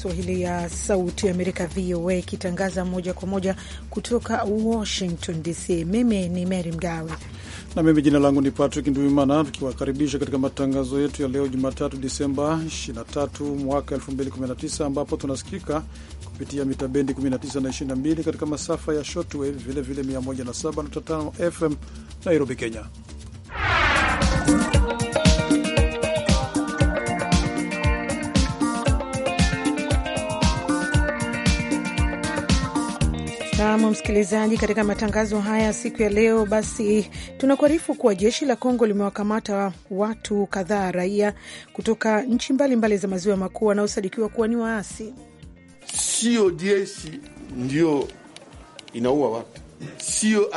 Kiswahili ya Sauti ya Amerika, VOA, ikitangaza moja kwa moja kutoka Washington DC. Mimi ni Mary Mgawe na mimi jina langu ni Patrick Nduimana, tukiwakaribisha katika matangazo yetu ya leo Jumatatu Disemba 23 mwaka 2019 ambapo tunasikika kupitia mita bendi 19 na 22 katika masafa ya shortwave, vilevile 107.5 FM Nairobi, Kenya. Nam msikilizaji, katika matangazo haya siku ya leo, basi tunakuarifu kuwa jeshi la Kongo limewakamata watu kadhaa raia kutoka nchi mbalimbali za maziwa makuu wanaosadikiwa kuwa ni waasi. Sio jeshi ndio inaua watu, sio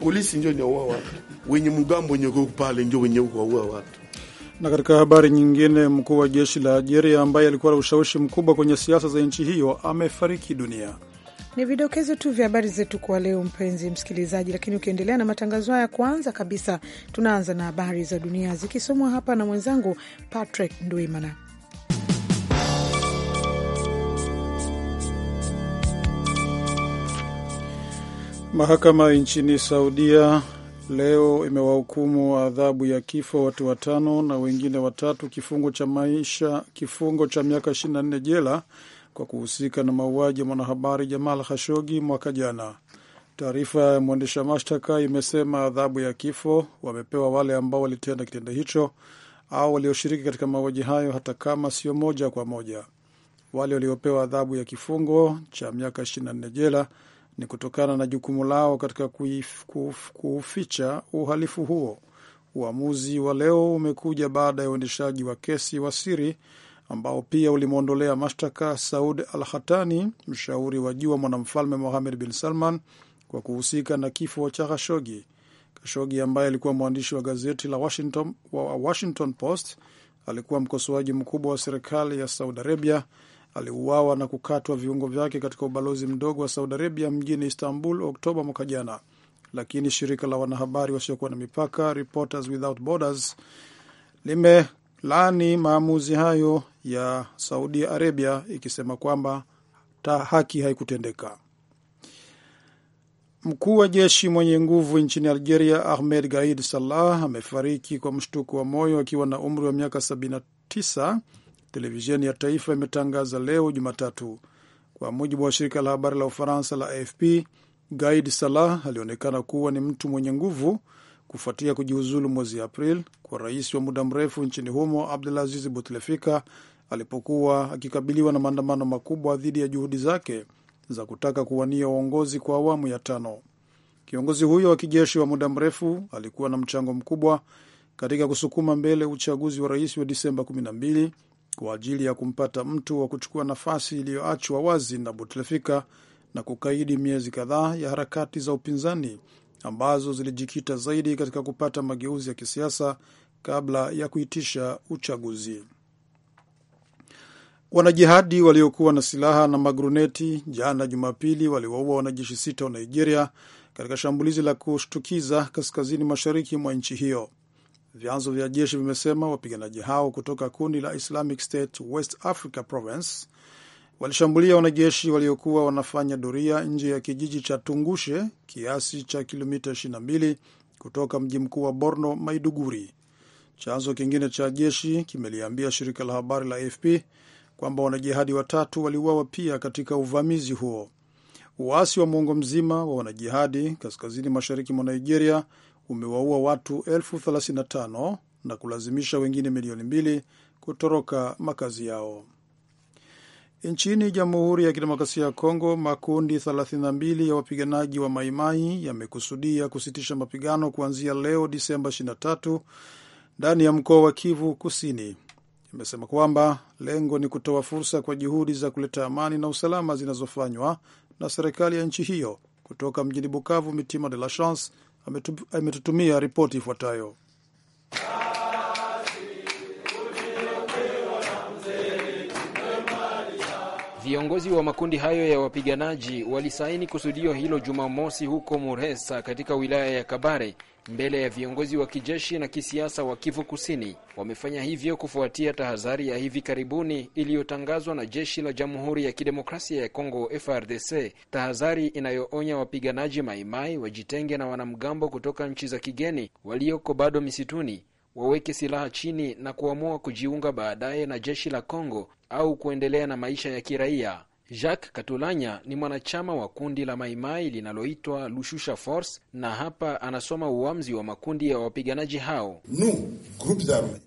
polisi ndio inaua watu, wenye mgambo wenye pale ndio wenye kuwaua watu na katika habari nyingine, mkuu wa jeshi la Algeria ambaye alikuwa na ushawishi mkubwa kwenye siasa za nchi hiyo amefariki dunia. Ni vidokezo tu vya habari zetu kwa leo, mpenzi msikilizaji, lakini ukiendelea na matangazo haya, kwanza kabisa tunaanza na habari za dunia zikisomwa hapa na mwenzangu Patrick Ndwimana. Mahakama nchini Saudia leo imewahukumu adhabu ya kifo watu watano na wengine watatu kifungo cha maisha, kifungo cha miaka 24 jela kwa kuhusika na mauaji ya mwanahabari Jamal Khashoggi mwaka jana. Taarifa ya mwendesha mashtaka imesema adhabu ya kifo wamepewa wale ambao walitenda kitendo hicho au walioshiriki katika mauaji hayo, hata kama sio moja kwa moja. Wale waliopewa adhabu ya kifungo cha miaka 24 jela ni kutokana na jukumu lao katika kuuficha uhalifu huo. Uamuzi wa leo umekuja baada ya uendeshaji wa kesi wa siri ambao pia ulimwondolea mashtaka Saud Al Hatani, mshauri wa juu wa mwanamfalme Mohamed Bin Salman, kwa kuhusika na kifo cha Khashogi. Khashogi ambaye alikuwa mwandishi wa gazeti la Washington, wa Washington Post alikuwa mkosoaji mkubwa wa serikali ya Saudi Arabia. Aliuawa na kukatwa viungo vyake katika ubalozi mdogo wa Saudi Arabia mjini Istanbul Oktoba mwaka jana, lakini shirika la wanahabari wasiokuwa na mipaka Reporters Without Borders lime laani maamuzi hayo ya Saudi Arabia ikisema kwamba ta haki haikutendeka. Mkuu wa jeshi mwenye nguvu nchini Algeria Ahmed Gaid Salah amefariki kwa mshtuko wa moyo akiwa na umri wa miaka 79, televisheni ya taifa imetangaza leo Jumatatu. Kwa mujibu wa shirika la habari la Ufaransa la AFP, Gaid Salah alionekana kuwa ni mtu mwenye nguvu kufuatia kujiuzulu mwezi april kwa rais wa muda mrefu nchini humo Abdulaziz butlefika alipokuwa akikabiliwa na maandamano makubwa dhidi ya juhudi zake za kutaka kuwania uongozi kwa awamu ya tano. Kiongozi huyo wa kijeshi wa muda mrefu alikuwa na mchango mkubwa katika kusukuma mbele uchaguzi wa rais wa Disemba 12 kwa ajili ya kumpata mtu wa kuchukua nafasi iliyoachwa wazi na butlefika na kukaidi miezi kadhaa ya harakati za upinzani ambazo zilijikita zaidi katika kupata mageuzi ya kisiasa kabla ya kuitisha uchaguzi. Wanajihadi waliokuwa na silaha na magruneti jana Jumapili waliwaua wanajeshi sita wa Nigeria katika shambulizi la kushtukiza kaskazini mashariki mwa nchi hiyo. Vyanzo vya jeshi vimesema wapiganaji hao kutoka kundi la Islamic State West Africa Province walishambulia wanajeshi waliokuwa wanafanya doria nje ya kijiji cha Tungushe, kiasi cha kilomita 22 kutoka mji mkuu wa Borno, Maiduguri. Chanzo kingine cha jeshi kimeliambia shirika la habari la AFP kwamba wanajihadi watatu waliuawa pia katika uvamizi huo. Uasi wa mwongo mzima wa wanajihadi kaskazini mashariki mwa Nigeria umewaua watu elfu 35 na kulazimisha wengine milioni mbili kutoroka makazi yao. Nchini Jamhuri ya Kidemokrasia ya Kongo, makundi 32 ya wapiganaji wa Maimai yamekusudia kusitisha mapigano kuanzia leo Disemba 23 ndani ya mkoa wa Kivu Kusini. Imesema kwamba lengo ni kutoa fursa kwa juhudi za kuleta amani na usalama zinazofanywa na serikali ya nchi hiyo. Kutoka mjini Bukavu, Mitima de la Chance ametutumia ripoti ifuatayo. Viongozi wa makundi hayo ya wapiganaji walisaini kusudio hilo Jumamosi huko Muresa katika wilaya ya Kabare mbele ya viongozi wa kijeshi na kisiasa wa Kivu Kusini. Wamefanya hivyo kufuatia tahadhari ya hivi karibuni iliyotangazwa na jeshi la Jamhuri ya Kidemokrasia ya Kongo FRDC, tahadhari inayoonya wapiganaji maimai wajitenge na wanamgambo kutoka nchi za kigeni walioko bado misituni waweke silaha chini na kuamua kujiunga baadaye na jeshi la Kongo au kuendelea na maisha ya kiraia. Jacques Katulanya ni mwanachama wa kundi la Maimai linaloitwa Lushusha Force na hapa anasoma uamuzi wa makundi ya wapiganaji hao.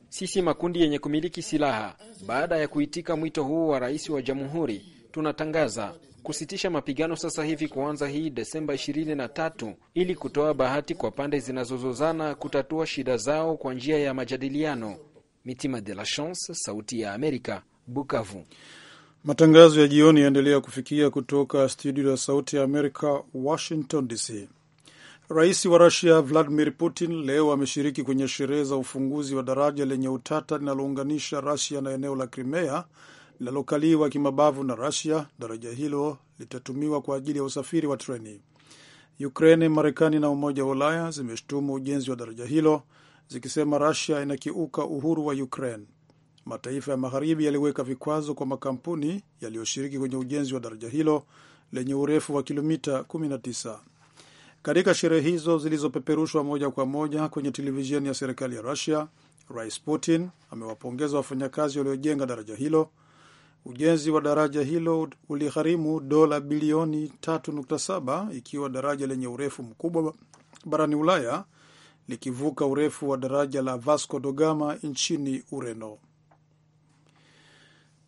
sisi makundi yenye kumiliki silaha, baada ya kuitika mwito huu wa rais wa jamhuri, tunatangaza kusitisha mapigano sasa hivi kuanza hii Desemba 23 ili kutoa bahati kwa pande zinazozozana kutatua shida zao kwa njia ya majadiliano. Mitima de la Chance, Sauti ya Amerika, Bukavu. Matangazo ya jioni yaendelea kufikia kutoka studio ya Sauti ya Amerika, Washington DC. Rais wa Rusia Vladimir Putin leo ameshiriki kwenye sherehe za ufunguzi wa daraja lenye utata linalounganisha Rusia na eneo la Crimea linalokaliwa kimabavu na rasia daraja hilo litatumiwa kwa ajili ya usafiri wa treni. Ukraine, Marekani na Umoja wa Ulaya zimeshtumu ujenzi wa daraja hilo zikisema rasia inakiuka uhuru wa Ukraine. Mataifa ya Magharibi yaliweka vikwazo kwa makampuni yaliyoshiriki kwenye ujenzi wa daraja hilo lenye urefu wa kilomita 19. Katika sherehe hizo zilizopeperushwa moja kwa moja kwenye televisheni ya serikali ya rusia Rais Putin amewapongeza wafanyakazi waliojenga daraja hilo Ujenzi wa daraja hilo uligharimu dola bilioni 3.7 ikiwa daraja lenye urefu mkubwa barani Ulaya likivuka urefu wa daraja la Vasco da Gama nchini Ureno.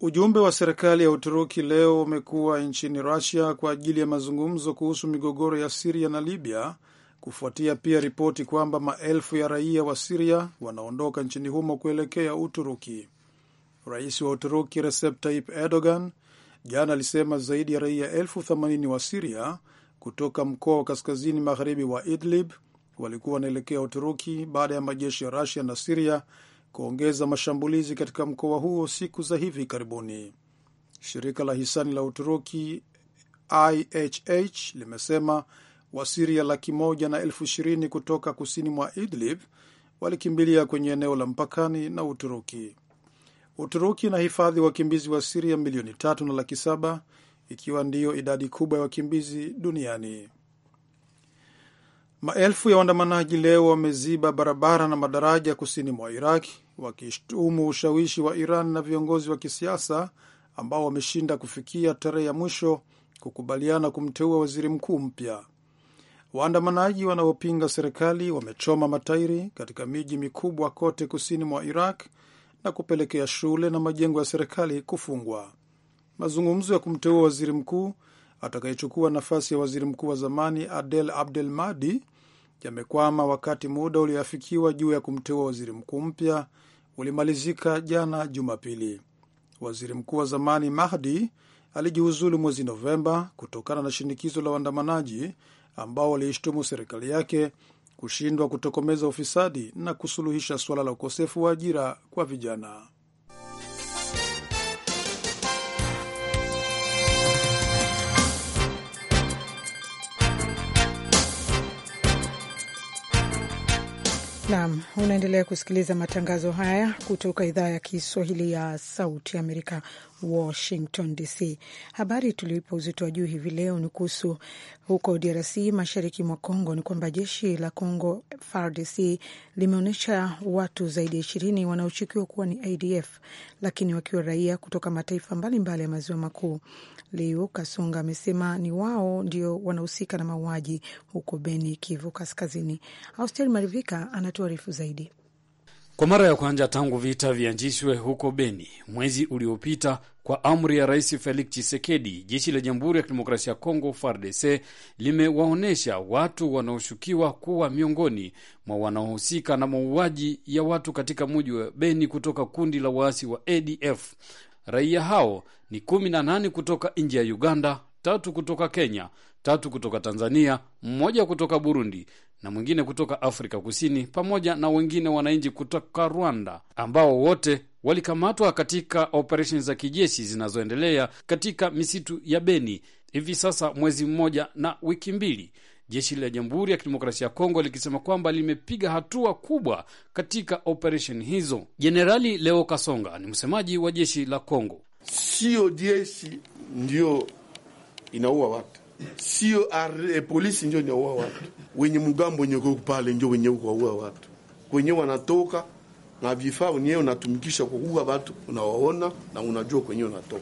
Ujumbe wa serikali ya Uturuki leo umekuwa nchini rasia kwa ajili ya mazungumzo kuhusu migogoro ya Siria na Libya, kufuatia pia ripoti kwamba maelfu ya raia wa Siria wanaondoka nchini humo kuelekea Uturuki. Rais wa Uturuki Recep Tayyip Erdogan jana alisema zaidi ya raia elfu themanini wa Siria kutoka mkoa wa kaskazini magharibi wa Idlib walikuwa wanaelekea Uturuki baada ya majeshi ya Rusia na Siria kuongeza mashambulizi katika mkoa huo siku za hivi karibuni. Shirika la hisani la Uturuki IHH limesema Wasiria laki moja na elfu ishirini kutoka kusini mwa Idlib walikimbilia kwenye eneo la mpakani na Uturuki. Uturuki hifadhi wakimbizi wa Siria milioni tatu na laki saba ikiwa ndiyo idadi kubwa ya wakimbizi duniani. Maelfu ya waandamanaji leo wameziba barabara na madaraja kusini mwa Iraq wakishtumu ushawishi wa Iran na viongozi wa kisiasa ambao wameshinda kufikia tarehe ya mwisho kukubaliana kumteua waziri mkuu mpya. Waandamanaji wanaopinga serikali wamechoma matairi katika miji mikubwa kote kusini mwa Iraq na kupelekea shule na majengo ya serikali kufungwa. Mazungumzo ya kumteua waziri mkuu atakayechukua nafasi ya waziri mkuu wa zamani Adel Abdel Mahdi yamekwama wakati muda ulioafikiwa juu ya kumteua waziri mkuu mpya ulimalizika jana Jumapili. Waziri mkuu wa zamani Mahdi alijiuzulu mwezi Novemba kutokana na shinikizo la waandamanaji ambao waliishtumu serikali yake kushindwa kutokomeza ufisadi na kusuluhisha suala la ukosefu wa ajira kwa vijana. Nam, unaendelea kusikiliza matangazo haya kutoka idhaa ya Kiswahili ya Sauti Amerika, Washington DC. Habari tuliipa uzito wa juu hivi leo ni kuhusu huko DRC, mashariki mwa Congo, ni kwamba jeshi la Congo FARDC limeonyesha watu zaidi ya ishirini wanaoshukiwa kuwa ni ADF lakini wakiwa raia kutoka mataifa mbalimbali ya maziwa makuu. Leo Kasunga amesema ni wao ndio wanahusika na mauaji huko Beni, Kivu Kaskazini. Austel Marivika anatuarifu zaidi. Kwa mara ya kwanza tangu vita vianzishwe huko Beni mwezi uliopita, kwa amri ya Rais Felix Tshisekedi, jeshi la Jamhuri ya Kidemokrasia ya Kongo FARDC limewaonyesha watu wanaoshukiwa kuwa miongoni mwa wanaohusika na mauaji ya watu katika mji wa Beni kutoka kundi la waasi wa ADF. Raia hao ni kumi na nane kutoka nje ya Uganda, tatu kutoka Kenya, tatu kutoka Tanzania, mmoja kutoka Burundi na mwingine kutoka Afrika Kusini pamoja na wengine wananchi kutoka Rwanda ambao wote walikamatwa katika operesheni za kijeshi zinazoendelea katika misitu ya Beni hivi sasa mwezi mmoja na wiki mbili. Jeshi la Jamhuri ya Kidemokrasia ya Kongo likisema kwamba limepiga hatua kubwa katika operesheni hizo. Jenerali Leo Kasonga ni msemaji wa jeshi la Kongo. Siyo jeshi ndiyo inaua watu sio are, eh, polisi ndio inaua watu, wenye mgambo wenye uko pale ndio wenye kuua watu, kwenye wanatoka na vifaa wenyewe unatumikisha kuua watu, unawaona na unajua kwenye unatoka.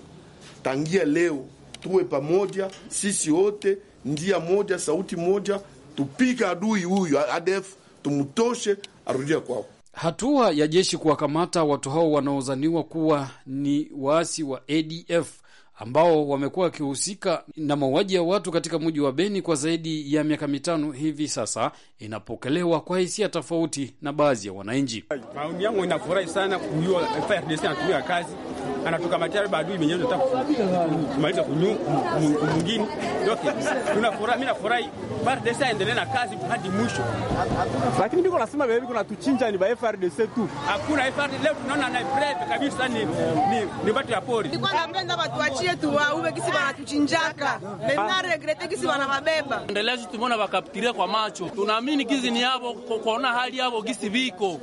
Tangia leo tuwe pamoja sisi wote, njia moja, sauti moja, tupika adui huyu ADF, tumtoshe arudia kwao. Hatua ya jeshi kuwakamata watu hao wanaozaniwa kuwa ni waasi wa ADF ambao wamekuwa wakihusika na mauaji ya watu katika mji wa Beni kwa zaidi ya miaka mitano hivi sasa, inapokelewa kwa hisia tofauti na baadhi ya wananchi. Maoni yangu inafurahi sana kujua FARDC anatumia kazi anatoka anatukamatia badui mwenyewe tunataka kumaliza mwingine. kuna furaha, mimi nafurahi FARDC endelee na kazi hadi mwisho, lakini ndiko nasema baby, kuna tuchinja ni ba FARDC tu, hakuna FARDC leo tunaona na brave kabisa, ni ni ni watu ya pori. Nilikuwa napenda watu waachie tu waue kisi bana tuchinjaka wanatuchinjaka na regrete kisi bana wanababeba endelezi, tumeona wakapitiria kwa macho, tunaamini kizi ni hapo kuona hali hapo kisi biko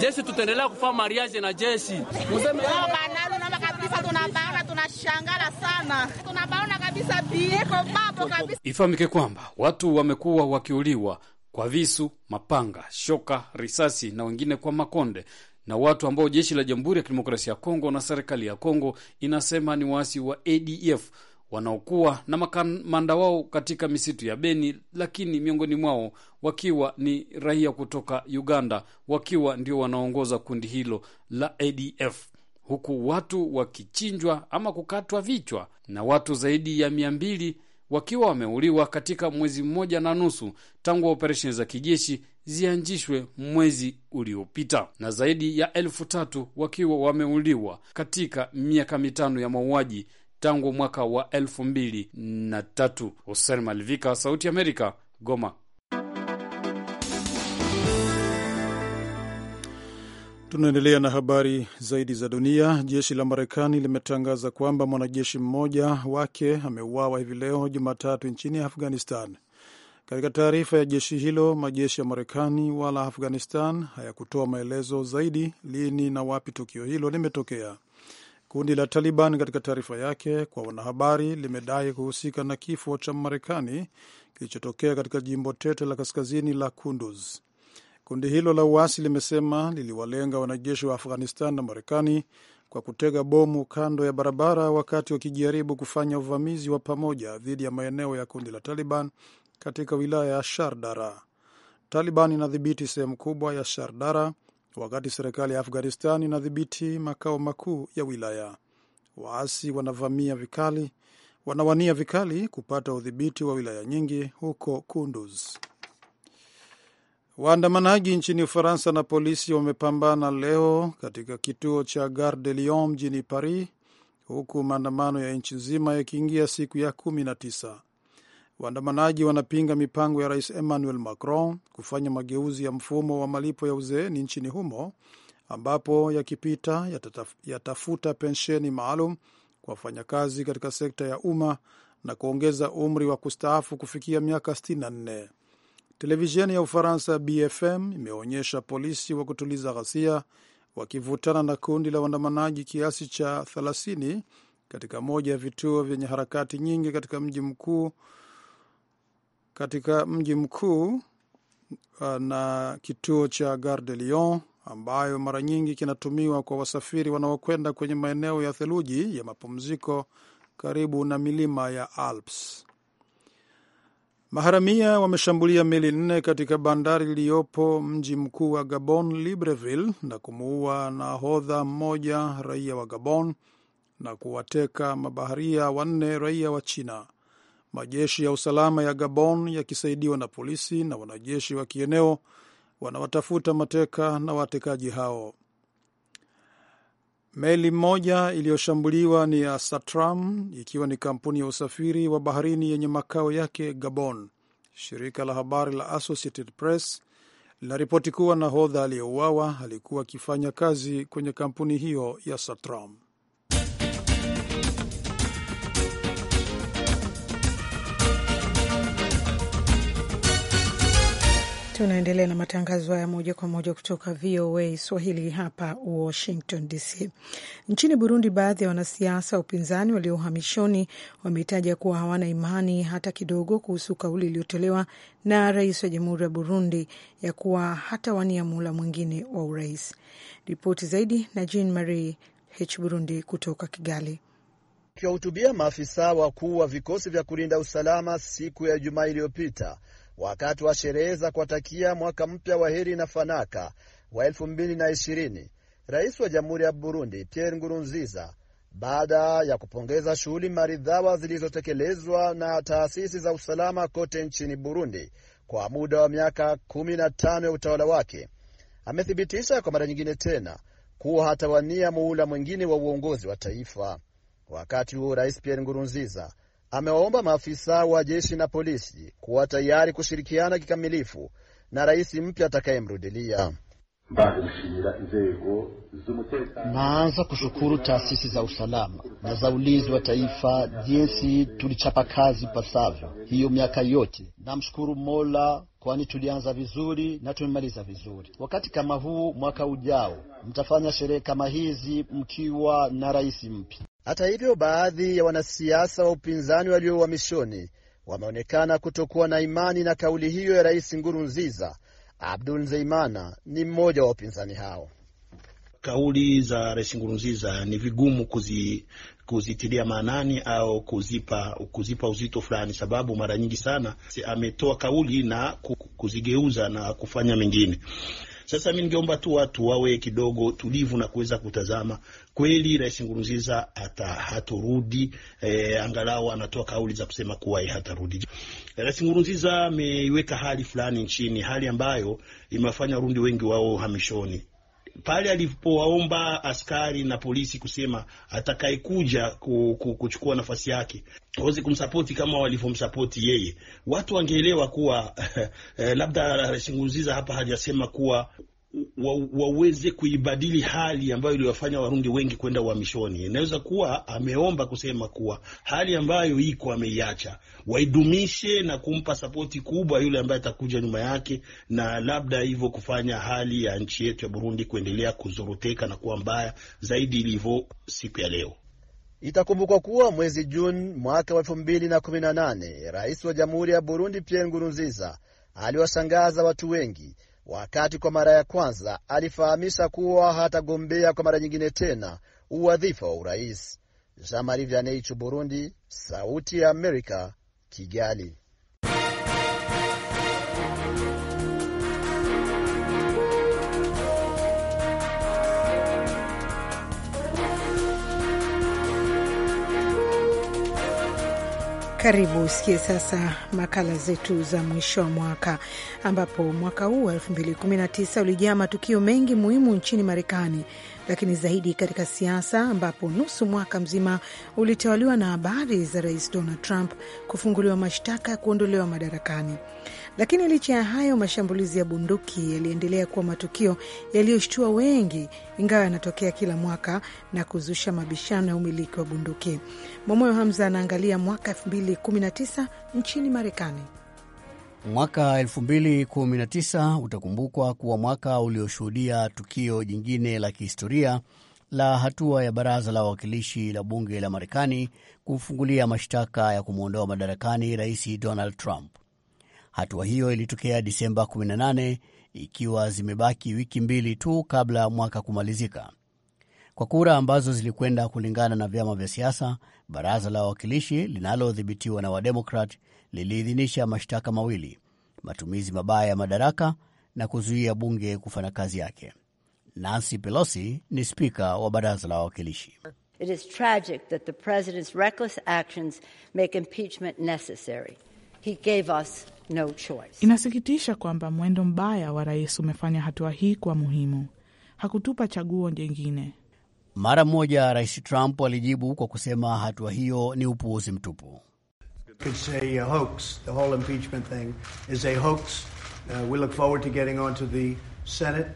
jeshi, tutaendelea kufanya mariage na jeshi mseme kabisa tunashangala sana, kabisa bieko babo kabisa. Ifahamike kwamba watu wamekuwa wakiuliwa kwa visu, mapanga, shoka, risasi na wengine kwa makonde na watu ambao jeshi la Jamhuri ya Kidemokrasia ya Kongo na serikali ya Kongo inasema ni waasi wa ADF wanaokuwa na makamanda wao katika misitu ya Beni, lakini miongoni mwao wakiwa ni raia kutoka Uganda, wakiwa ndio wanaongoza kundi hilo la ADF huku watu wakichinjwa ama kukatwa vichwa na watu zaidi ya mia mbili wakiwa wameuliwa katika mwezi mmoja na nusu tangu operesheni za kijeshi zianjishwe mwezi uliopita, na zaidi ya elfu tatu wakiwa wameuliwa katika miaka mitano ya mauaji tangu mwaka wa elfu mbili na tatu. Hosen Malivika, Sauti Amerika, Goma. Tunaendelea na habari zaidi za dunia. Jeshi la Marekani limetangaza kwamba mwanajeshi mmoja wake ameuawa hivi leo Jumatatu nchini Afghanistan. Katika taarifa ya jeshi hilo, majeshi ya Marekani wala Afghanistan hayakutoa maelezo zaidi lini na wapi tukio hilo limetokea. Kundi la Taliban katika taarifa yake kwa wanahabari limedai kuhusika na kifo cha Marekani kilichotokea katika jimbo tete la kaskazini la Kunduz. Kundi hilo la uasi limesema liliwalenga wanajeshi wa Afghanistan na Marekani kwa kutega bomu kando ya barabara wakati wakijaribu kufanya uvamizi wa pamoja dhidi ya maeneo ya kundi la Taliban katika wilaya ya Shardara. Taliban inadhibiti sehemu kubwa ya Shardara wakati serikali ya Afghanistan inadhibiti makao makuu ya wilaya. Waasi wanavamia vikali, wanawania vikali kupata udhibiti wa wilaya nyingi huko Kunduz. Waandamanaji nchini Ufaransa na polisi wamepambana leo katika kituo cha Gare de Lyon mjini Paris, huku maandamano ya nchi nzima yakiingia siku ya kumi na tisa. Waandamanaji wanapinga mipango ya rais Emmanuel Macron kufanya mageuzi ya mfumo wa malipo ya uzeeni nchini humo, ambapo yakipita yatafuta pensheni maalum kwa wafanyakazi katika sekta ya umma na kuongeza umri wa kustaafu kufikia miaka 64. Televisheni ya Ufaransa BFM imeonyesha polisi wa kutuliza ghasia wakivutana na kundi la waandamanaji kiasi cha 30 katika moja ya vituo vyenye harakati nyingi katika mji mkuu katika mji mkuu uh, na kituo cha Gare de Lyon ambayo mara nyingi kinatumiwa kwa wasafiri wanaokwenda kwenye maeneo ya theluji ya mapumziko karibu na milima ya Alps. Maharamia wameshambulia meli nne katika bandari iliyopo mji mkuu wa Gabon, Libreville, na kumuua nahodha mmoja raia wa Gabon na kuwateka mabaharia wanne raia wa China. Majeshi ya usalama ya Gabon yakisaidiwa na polisi na wanajeshi wa kieneo wanawatafuta mateka na watekaji hao. Meli moja iliyoshambuliwa ni ya Satram, ikiwa ni kampuni ya usafiri wa baharini yenye makao yake Gabon. Shirika la habari la Associated Press linaripoti kuwa nahodha aliyeuawa alikuwa akifanya kazi kwenye kampuni hiyo ya Satram. Tunaendelea na matangazo haya moja kwa moja kutoka VOA Swahili hapa Washington DC. Nchini Burundi, baadhi ya wanasiasa wa upinzani walio uhamishoni wametaja kuwa hawana imani hata kidogo kuhusu kauli iliyotolewa na rais wa jamhuri ya Burundi ya kuwa hata wania muhula mwingine wa urais. Ripoti zaidi na Jean Marie H Burundi kutoka Kigali. Akiwahutubia maafisa wakuu wa vikosi vya kulinda usalama siku ya Ijumaa iliyopita wakati wa sherehe za kuwatakia mwaka mpya wa heri na fanaka wa 2020 Rais wa Jamhuri ya Burundi Pierre ngurunziza baada ya kupongeza shughuli maridhawa zilizotekelezwa na taasisi za usalama kote nchini Burundi kwa muda wa miaka 15 ya utawala wake, amethibitisha kwa mara nyingine tena kuwa hatawania muhula mwingine wa uongozi wa taifa. Wakati huo Rais Pierre Nkurunziza amewaomba maafisa wa jeshi na polisi kuwa tayari kushirikiana kikamilifu na rais mpya atakayemrudilia. Naanza kushukuru taasisi za usalama na za ulinzi wa taifa jinsi tulichapa kazi pasavyo hiyo miaka yote. Namshukuru Mola kwani tulianza vizuri na tumemaliza vizuri. Wakati kama huu mwaka ujao mtafanya sherehe kama hizi mkiwa na rais mpya. Hata hivyo, baadhi ya wanasiasa wa upinzani walio uhamishoni wameonekana kutokuwa na imani na kauli hiyo ya Rais Ngurunziza. Abdul Nzeimana ni mmoja wa upinzani hao. Kauli za Rais Ngurunziza ni vigumu kuzi kuzitilia maanani au kuzipa kuzipa uzito fulani, sababu mara nyingi sana ametoa kauli na kuzigeuza na kufanya mengine. Sasa mi ningeomba tu watu wawe kidogo tulivu na kuweza kutazama kweli Rais ngurunziza hata hatorudi, eh, angalau anatoa kauli za kusema kuwa e, hatarudi. Rais Ngurunziza ameiweka hali fulani nchini, hali ambayo imewafanya Warundi wengi wao hamishoni pale alipowaomba askari na polisi kusema atakayekuja kuchukua nafasi yake waweze kumsapoti kama walivyomsapoti yeye, watu wangeelewa kuwa eh, labda Rais Nkurunziza hapa hajasema kuwa waweze kuibadili hali ambayo iliwafanya Warundi wengi kwenda uhamishoni. Inaweza kuwa ameomba kusema kuwa hali ambayo iko ameiacha, waidumishe na kumpa sapoti kubwa yule ambaye atakuja nyuma yake, na labda hivyo kufanya hali ya nchi yetu ya Burundi kuendelea kuzoroteka na kuwa mbaya zaidi ilivyo siku ya leo. Itakumbukwa kuwa mwezi Juni mwaka wa elfu mbili na kumi na nane rais wa jamhuri ya Burundi Pierre Ngurunziza aliwashangaza watu wengi wakati kwa mara ya kwanza alifahamisha kuwa hatagombea kwa mara nyingine tena uwadhifa wa urais. Jean Marie Vianney, Burundi, Sauti ya Amerika, Kigali. Karibu usikie sasa makala zetu za mwisho wa mwaka, ambapo mwaka huu wa 2019 ulijaa matukio mengi muhimu nchini Marekani lakini zaidi katika siasa, ambapo nusu mwaka mzima ulitawaliwa na habari za Rais Donald Trump kufunguliwa mashtaka ya kuondolewa madarakani. Lakini licha ya hayo, mashambulizi ya bunduki yaliendelea kuwa matukio yaliyoshtua wengi, ingawa yanatokea kila mwaka na kuzusha mabishano ya umiliki wa bunduki. Mwamoyo Hamza anaangalia mwaka 2019 nchini Marekani. Mwaka 2019 utakumbukwa kuwa mwaka ulioshuhudia tukio jingine la kihistoria la hatua ya baraza la wawakilishi la bunge la Marekani kumfungulia mashtaka ya kumwondoa madarakani Rais Donald Trump. Hatua hiyo ilitokea Disemba 18 ikiwa zimebaki wiki mbili tu kabla ya mwaka kumalizika. Kwa kura ambazo zilikwenda kulingana na vyama vya siasa, baraza la wawakilishi linalodhibitiwa na Wademokrat liliidhinisha mashtaka mawili, matumizi mabaya ya madaraka na kuzuia bunge kufanya kazi yake. Nancy Pelosi ni spika wa baraza la wawakilishi. No, inasikitisha kwamba mwendo mbaya wa rais umefanya hatua hii kuwa muhimu. Hakutupa chaguo jingine. Mara moja Rais Trump alijibu kwa kusema hatua hiyo ni upuuzi mtupu. It's a uh, hoax. The whole impeachment thing is a hoax. Uh, we look forward to getting to the Senate.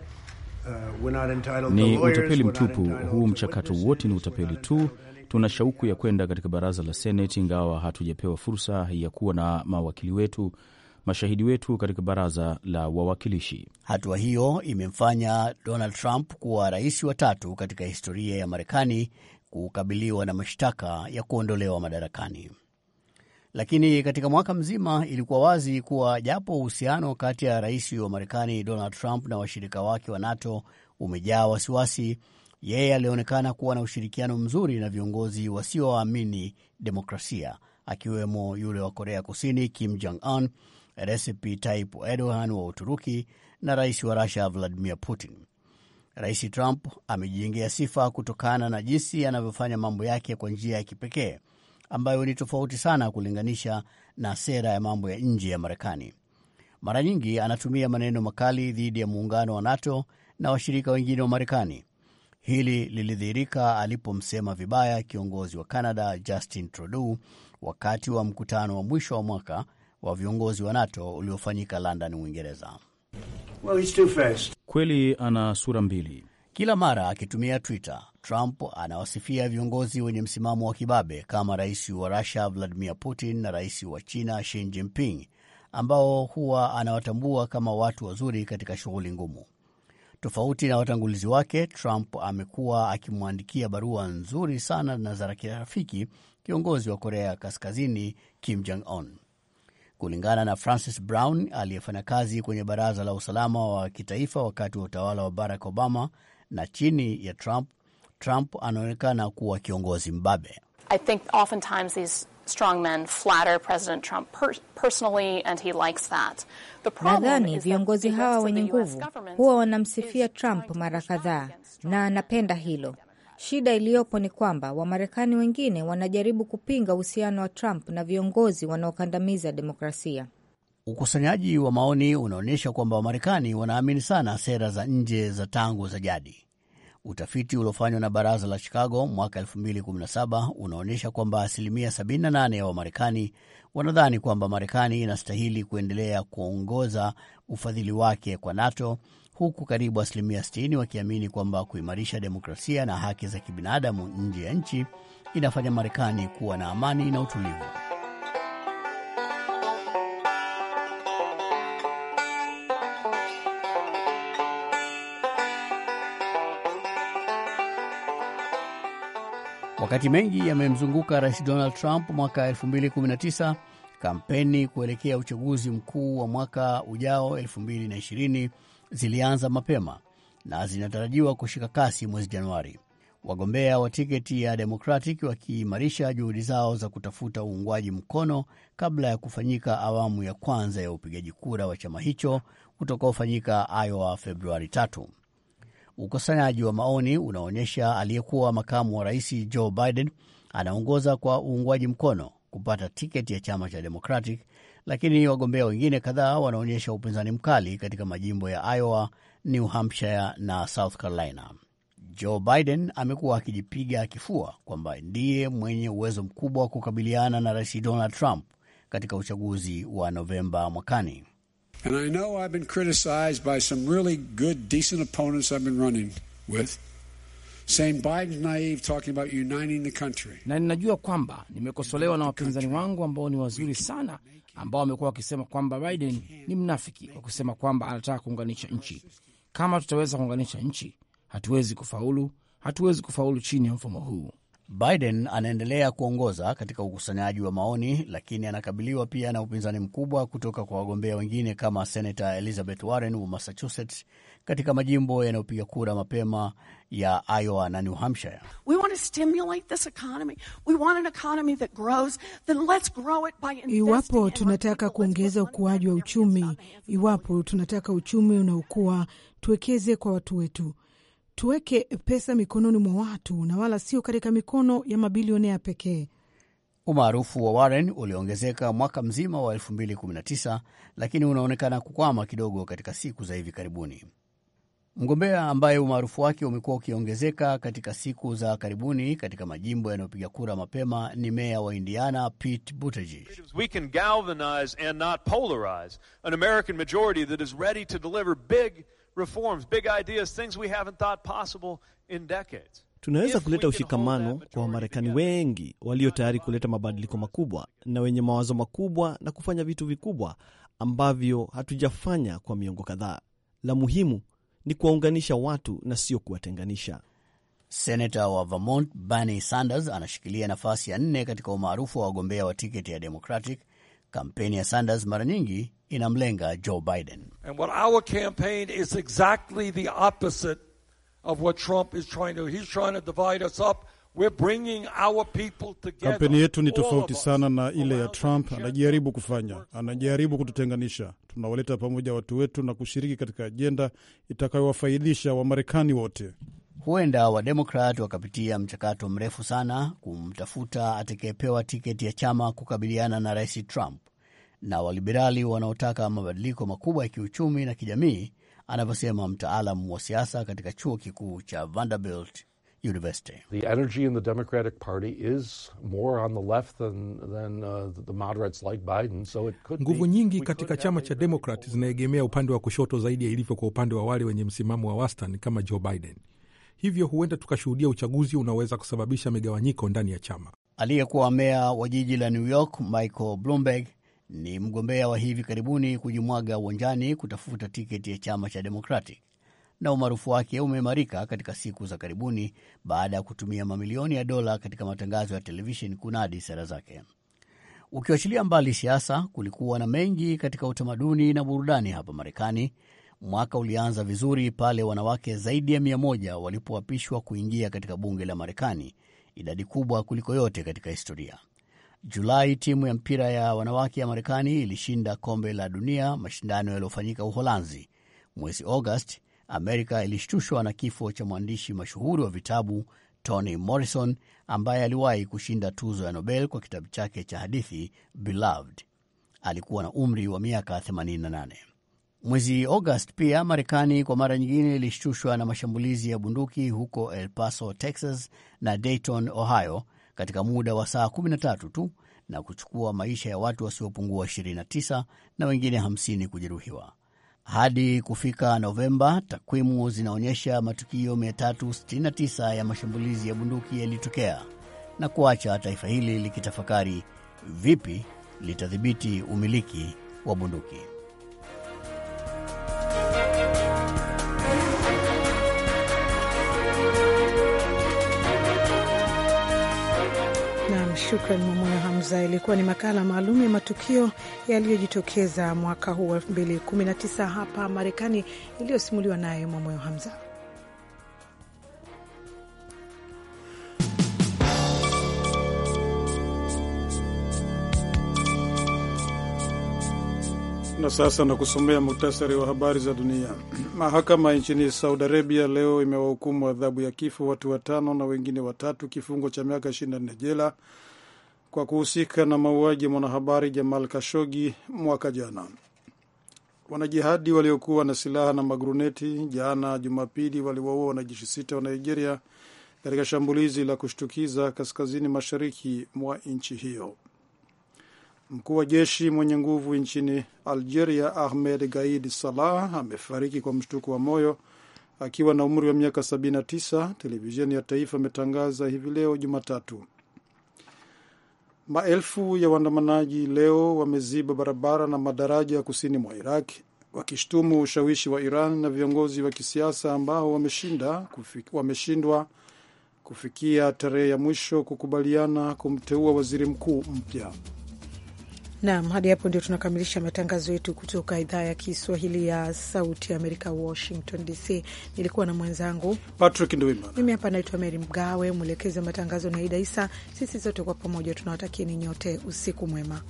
Uh, we're not entitled ni to utapeli mtupu. Huu mchakato wote ni utapeli tu. Tuna shauku ya kwenda katika baraza la Seneti, ingawa hatujapewa fursa ya kuwa na mawakili wetu mashahidi wetu katika baraza la wawakilishi. Hatua hiyo imemfanya Donald Trump kuwa rais wa tatu katika historia ya Marekani kukabiliwa na mashtaka ya kuondolewa madarakani. Lakini katika mwaka mzima ilikuwa wazi kuwa japo uhusiano kati ya rais wa Marekani Donald Trump na washirika wake wa NATO umejaa wasiwasi, yeye alionekana kuwa na ushirikiano mzuri na viongozi wasioamini demokrasia, akiwemo yule wa Korea Kusini Kim Jong Un, Recep Tayyip Erdogan wa Uturuki na rais wa Rusia Vladimir Putin. Rais Trump amejijengea sifa kutokana na jinsi anavyofanya mambo yake kwa njia ya kipekee ambayo ni tofauti sana kulinganisha na sera ya mambo ya nje ya Marekani. Mara nyingi anatumia maneno makali dhidi ya muungano wa NATO na washirika wengine wa Marekani. Hili lilidhihirika alipomsema vibaya kiongozi wa Canada Justin Trudeau wakati wa mkutano wa mwisho wa mwaka wa viongozi wa NATO uliofanyika London, Uingereza. Well, kweli ana sura mbili. Kila mara akitumia Twitter, Trump anawasifia viongozi wenye msimamo wa kibabe kama rais wa Rusia Vladimir Putin na rais wa China Xi Jinping, ambao huwa anawatambua kama watu wazuri katika shughuli ngumu. Tofauti na watangulizi wake, Trump amekuwa akimwandikia barua nzuri sana na za kirafiki kiongozi wa Korea Kaskazini Kim Jong Un. Kulingana na Francis Brown aliyefanya kazi kwenye baraza la usalama wa kitaifa wakati wa utawala wa Barack Obama na chini ya Trump, Trump anaonekana kuwa kiongozi mbabe. I think oftentimes these strong men flatter President Trump per personally and he likes that. Nadhani viongozi hawa wenye nguvu huwa wanamsifia Trump mara kadhaa na anapenda hilo. Shida iliyopo ni kwamba Wamarekani wengine wanajaribu kupinga uhusiano wa Trump na viongozi wanaokandamiza demokrasia. Ukusanyaji wa maoni unaonyesha kwamba Wamarekani wanaamini sana sera za nje za tangu za jadi. Utafiti uliofanywa na baraza la Chicago mwaka 2017 unaonyesha kwamba asilimia 78 ya Wamarekani wanadhani kwamba Marekani inastahili kuendelea kuongoza ufadhili wake kwa NATO, huku karibu asilimia 60 wakiamini kwamba kuimarisha demokrasia na haki za kibinadamu nje ya nchi inafanya Marekani kuwa na amani na utulivu. Wakati mengi yamemzunguka Rais Donald Trump mwaka 2019, kampeni kuelekea uchaguzi mkuu wa mwaka ujao 2020 zilianza mapema na zinatarajiwa kushika kasi mwezi Januari, wagombea wa tiketi ya Democratic wakiimarisha juhudi zao za kutafuta uungwaji mkono kabla ya kufanyika awamu ya kwanza ya upigaji kura wa chama hicho utakaofanyika Iowa Februari tatu. Ukusanyaji wa maoni unaonyesha aliyekuwa makamu wa rais Joe Biden anaongoza kwa uungwaji mkono kupata tiketi ya chama cha Democratic, lakini wagombea wengine kadhaa wanaonyesha upinzani mkali katika majimbo ya Iowa, New Hampshire na South Carolina. Joe Biden amekuwa akijipiga kifua kwamba ndiye mwenye uwezo mkubwa wa kukabiliana na rais Donald Trump katika uchaguzi wa Novemba mwakani. And I know I've been criticized by some really good, decent opponents I've been running with saying Biden's naive talking about uniting the country. Na ninajua kwamba nimekosolewa na wapinzani wangu ambao ni wazuri sana ambao wamekuwa wakisema kwamba Biden ni mnafiki kwa kusema kwamba anataka kuunganisha nchi. Kama tutaweza kuunganisha nchi, hatuwezi kufaulu, hatuwezi kufaulu chini ya mfumo huu. Biden anaendelea kuongoza katika ukusanyaji wa maoni, lakini anakabiliwa pia na upinzani mkubwa kutoka kwa wagombea wengine kama Senata Elizabeth Warren wa Massachusetts katika majimbo yanayopiga kura mapema ya Iowa na New Hampshire. Iwapo tunataka kuongeza ukuaji wa uchumi, iwapo tunataka uchumi unaokuwa, tuwekeze kwa watu wetu tuweke pesa mikononi mwa watu na wala sio katika mikono ya mabilionea pekee. Umaarufu wa Warren uliongezeka mwaka mzima wa 2019 lakini unaonekana kukwama kidogo katika siku za hivi karibuni. Mgombea ambaye umaarufu wake umekuwa ukiongezeka katika siku za karibuni katika majimbo yanayopiga kura mapema ni meya wa Indiana Pete Buttigieg reforms, big ideas, things we haven't thought possible in decades. Tunaweza kuleta ushikamano kwa Wamarekani wengi walio tayari kuleta mabadiliko makubwa na wenye mawazo makubwa na kufanya vitu vikubwa ambavyo hatujafanya kwa miongo kadhaa. La muhimu ni kuwaunganisha watu na sio kuwatenganisha. Senata wa Vermont Bernie Sanders anashikilia nafasi ya nne katika umaarufu wa wagombea wa tiketi ya Democratic. Kampeni ya Sanders mara nyingi inamlenga Joe Biden. And what our campaign is exactly the opposite of what Trump is trying to. He's trying to divide us up. We're bringing our people together. Kampeni yetu ni tofauti sana na ile ya Trump anajaribu kufanya, anajaribu kututenganisha. Tunawaleta pamoja watu wetu na kushiriki katika ajenda itakayowafaidisha Wamarekani wote. Huenda Wademokrat wakapitia mchakato mrefu sana kumtafuta atakayepewa tiketi ya chama kukabiliana na Rais Trump na waliberali wanaotaka mabadiliko makubwa ya kiuchumi na kijamii, anavyosema mtaalam wa siasa katika chuo kikuu cha Vanderbilt University. The energy in the Democratic Party is more on the left than, than, uh, the moderates like Biden. So it could nguvu nyingi katika chama cha Demokrat zinaegemea upande wa kushoto zaidi ya ilivyo kwa upande wa wale wenye msimamo wa wastani kama Joe Biden. Hivyo huenda tukashuhudia uchaguzi unaoweza kusababisha migawanyiko ndani ya chama. Aliyekuwa meya wa jiji la New York Michael Bloomberg ni mgombea wa hivi karibuni kujimwaga uwanjani kutafuta tiketi ya chama cha Democratic na umaarufu wake umeimarika katika siku za karibuni baada ya kutumia mamilioni ya dola katika matangazo ya televisheni kunadi sera zake. Ukiachilia mbali siasa, kulikuwa na mengi katika utamaduni na burudani hapa Marekani. Mwaka ulianza vizuri pale wanawake zaidi ya mia moja walipoapishwa kuingia katika bunge la Marekani, idadi kubwa kuliko yote katika historia. Julai timu ya mpira ya wanawake ya Marekani ilishinda kombe la dunia, mashindano yaliyofanyika Uholanzi. Mwezi August, Amerika ilishtushwa na kifo cha mwandishi mashuhuri wa vitabu Toni Morrison ambaye aliwahi kushinda tuzo ya Nobel kwa kitabu chake cha hadithi Beloved. Alikuwa na umri wa miaka 88. Mwezi August pia Marekani kwa mara nyingine ilishtushwa na mashambulizi ya bunduki huko El Paso, Texas na Dayton, Ohio katika muda wa saa 13 tu na kuchukua maisha ya watu wasiopungua 29 na wengine 50 kujeruhiwa. Hadi kufika Novemba, takwimu zinaonyesha matukio 369 ya mashambulizi ya bunduki yalitokea na kuacha taifa hili likitafakari vipi litadhibiti umiliki wa bunduki. Shukran Mwamoyo Hamza. Ilikuwa ni makala maalum ya matukio yaliyojitokeza mwaka huu wa 2019 hapa Marekani, iliyosimuliwa naye Mwamoyo Hamza. Na sasa na kusomea muktasari wa habari za dunia. Mahakama nchini Saudi Arabia leo imewahukumu adhabu ya kifo watu watano na wengine watatu kifungo cha miaka 24 jela kwa kuhusika na mauaji ya mwanahabari Jamal Kashogi mwaka jana. Wanajihadi waliokuwa na silaha na magruneti jana Jumapili waliwaua wanajeshi sita wa Nigeria katika shambulizi la kushtukiza kaskazini mashariki mwa nchi hiyo. Mkuu wa jeshi mwenye nguvu nchini Algeria, Ahmed Gaid Salah, amefariki kwa mshtuko wa moyo akiwa na umri wa miaka 79, televisheni ya taifa ametangaza hivi leo Jumatatu. Maelfu ya waandamanaji leo wameziba barabara na madaraja ya kusini mwa Iraq wakishtumu ushawishi wa Iran na viongozi wa kisiasa ambao wameshindwa kufikia tarehe ya mwisho kukubaliana kumteua waziri mkuu mpya. Naam, hadi hapo ndio tunakamilisha matangazo yetu kutoka idhaa ya Kiswahili ya Sauti ya Amerika, Washington DC. Nilikuwa na mwenzangu Patrick Ndwima, mimi hapa naitwa Meri Mgawe, mwelekezi wa matangazo na Aida Isa. Sisi zote kwa pamoja tunawatakieni nyote usiku mwema.